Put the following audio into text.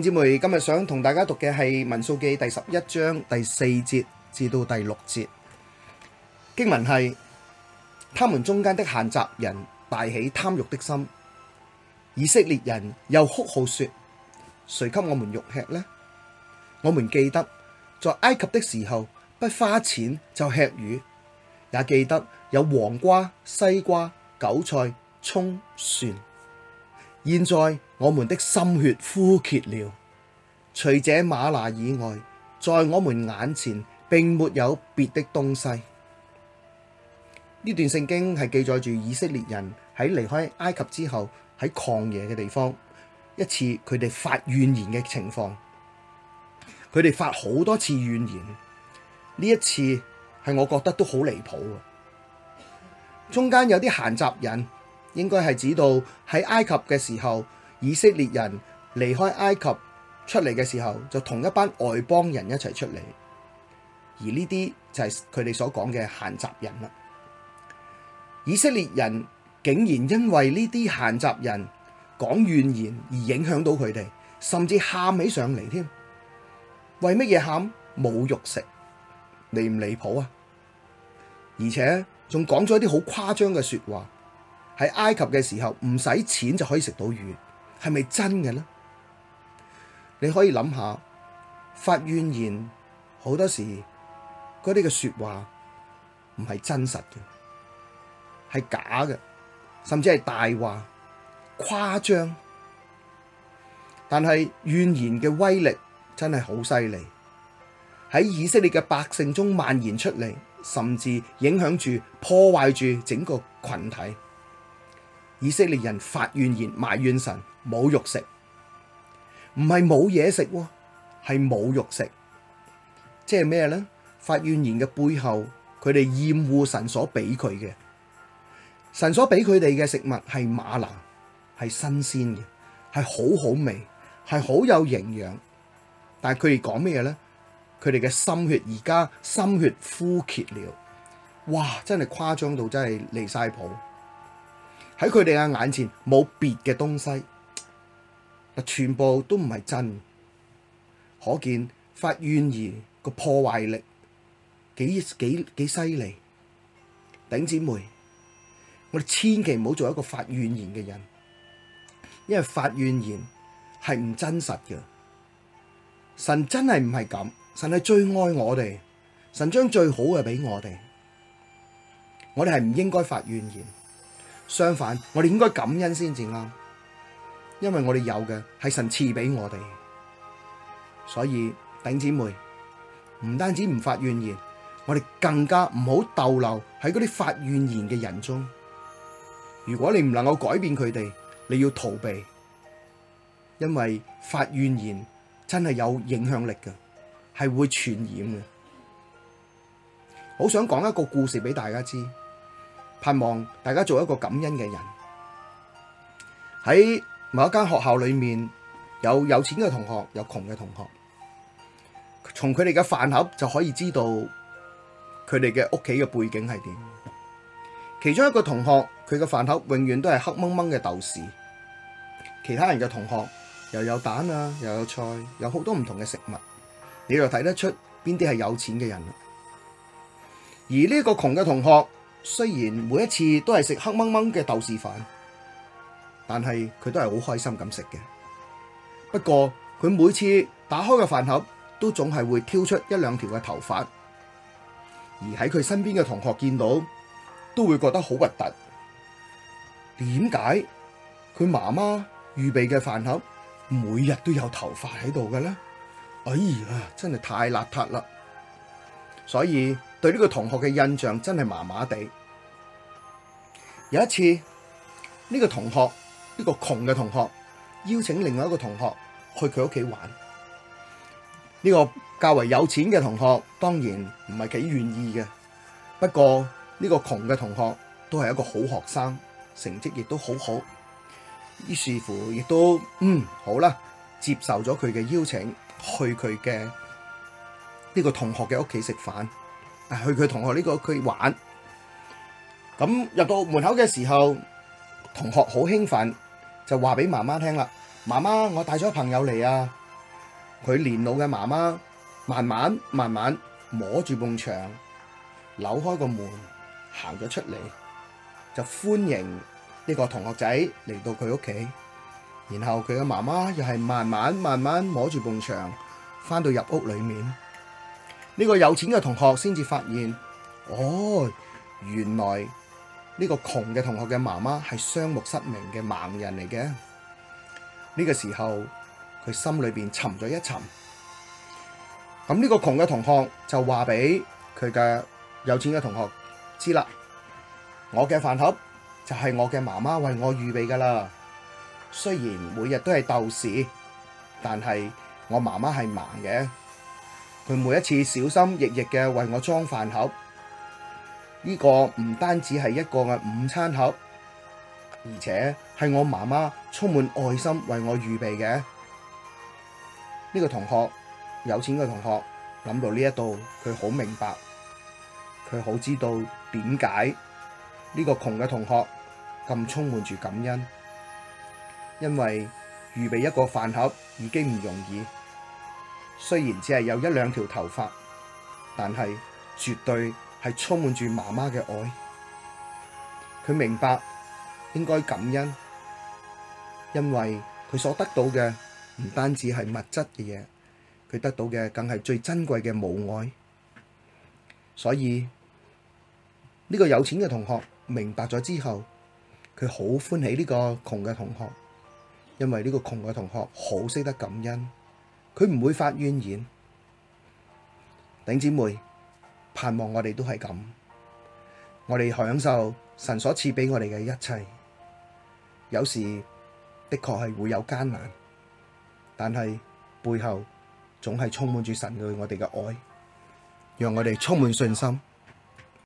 姐妹，今日想同大家讀嘅係《民數記》第十一章第四節至到第六節，經文係，他們中間的閒雜人大起貪慾的心，以色列人又哭號說：誰給我們肉吃呢？我們記得，在埃及的時候不花錢就吃魚，也記得有黃瓜、西瓜、韭菜、蔥、蒜，現在，我們的心血枯竭了。除這嗎哪以外，在我們眼前並沒有別的東西。呢段聖經係記載住以色列人喺離開埃及之後喺曠野嘅地方一次佢哋發怨言嘅情況。佢哋發好多次怨言，呢一次係我覺得都好離譜啊。中間有啲閒雜人，應該係指到喺埃及嘅時候。以色列人離開埃及出嚟嘅時候，就同一班外邦人一齊出嚟，而呢啲就係佢哋所講嘅閒雜人啦。以色列人竟然因為呢啲閒雜人講怨言而影響到佢哋，甚至喊起上嚟添。為乜嘢喊？冇肉食，離唔離譜啊？而且仲講咗一啲好誇張嘅說話，喺埃及嘅時候唔使錢就可以食到魚。係咪真嘅呢？你可以諗下，發怨言好多時，嗰啲嘅說話唔係真實嘅，係假嘅，甚至係大話、誇張。但係怨言嘅威力真係好犀利，喺以色列嘅百姓中蔓延出嚟，甚至影響住、破壞住整個群體。以色列人發怨言、埋怨神。冇肉食，唔係冇嘢食喎，係冇肉食。即係咩呢？發怨言嘅背後，佢哋厭惡神所俾佢嘅。神所俾佢哋嘅食物係嗎哪，係新鮮嘅，係好好味，係好有營養。但係佢哋講咩呢？佢哋嘅心血而家心血枯竭了。哇！真係誇張到真係離晒譜。喺佢哋嘅眼前冇別嘅東西。全部都唔係真，可見發怨言個破壞力幾幾幾犀利。頂姐妹，我哋千祈唔好做一個發怨言嘅人，因為發怨言係唔真實嘅。神真係唔係咁，神係最愛我哋，神將最好嘅俾我哋，我哋係唔應該發怨言，相反，我哋應該感恩先至啱。因為我哋有嘅係神賜俾我哋，所以頂姊妹唔單止唔發怨言，我哋更加唔好逗留喺嗰啲發怨言嘅人中。如果你唔能夠改變佢哋，你要逃避，因為發怨言真係有影響力嘅，係會傳染嘅。好想講一個故事俾大家知，盼望大家做一個感恩嘅人喺。某一間學校裏面，有有錢嘅同學，有窮嘅同學，從佢哋嘅飯盒，就可以知道佢哋嘅屋企嘅背景係點。其中一個同學佢嘅飯盒永遠都係黑掹掹嘅豆豉，其他人嘅同學又有蛋啊，又有菜，有好多唔同嘅食物，你就睇得出邊啲係有錢嘅人啦。而呢個窮嘅同學，雖然每一次都係食黑掹掹嘅豆豉飯。但係佢都係好開心咁食嘅。不過佢每次打開嘅飯盒，都總係會挑出一兩條嘅頭髮，而喺佢身邊嘅同學見到，都會覺得好核突。點解佢媽媽預備嘅飯盒，每日都有頭髮喺度嘅咧？哎呀，真係太邋遢啦！所以對呢個同學嘅印象真係麻麻地。有一次，呢個同學。呢個窮嘅同學邀請另外一個同學去佢屋企玩，呢個較為有錢嘅同學當然唔係幾願意嘅。不過呢個窮嘅同學都係一個好學生，成績亦都好好。於是乎，亦都嗯，好啦，接受咗佢嘅邀請，去佢嘅呢個同學嘅屋企食飯，去佢同學呢個屋企玩。咁入到門口嘅時候，同學好興奮。就話俾媽媽聽啦，媽媽，我帶咗朋友嚟啊！佢年老嘅媽媽慢慢慢慢摸住埲牆，扭開個門，行咗出嚟，就歡迎呢個同學仔嚟到佢屋企。然後佢嘅媽媽又係慢慢慢慢摸住埲牆，翻到入屋裏面。呢個有錢嘅同學先至發現，哦，原來。呢個窮嘅同學嘅媽媽係雙目失明嘅盲人嚟嘅。呢個時候，佢心裏邊沉咗一沉。咁呢個窮嘅同學就話俾佢嘅有錢嘅同學知啦，我嘅飯盒就係我嘅媽媽為我預備噶啦。雖然每日都係豆豉，但係我媽媽係盲嘅。佢每一次小心翼翼嘅為我裝飯盒。呢個唔單止係一個嘅午餐盒，而且係我媽媽充滿愛心為我預備嘅。呢個同學有錢嘅同學諗到呢一度，佢好明白，佢好知道點解呢個窮嘅同學咁充滿住感恩，因為預備一個飯盒已經唔容易。雖然只係有一兩條頭髮，但係絕對。係充滿住媽媽嘅愛，佢明白應該感恩，因為佢所得到嘅唔單止係物質嘅嘢，佢得到嘅更係最珍貴嘅母愛。所以呢個有錢嘅同學明白咗之後，佢好歡喜呢個窮嘅同學，因為呢個窮嘅同學好識得感恩，佢唔會發怨言。弟姊妹。盼望我哋都係咁，我哋享受神所賜畀我哋嘅一切。有時的確係會有艱難，但係背後總係充滿住神對我哋嘅愛，讓我哋充滿信心。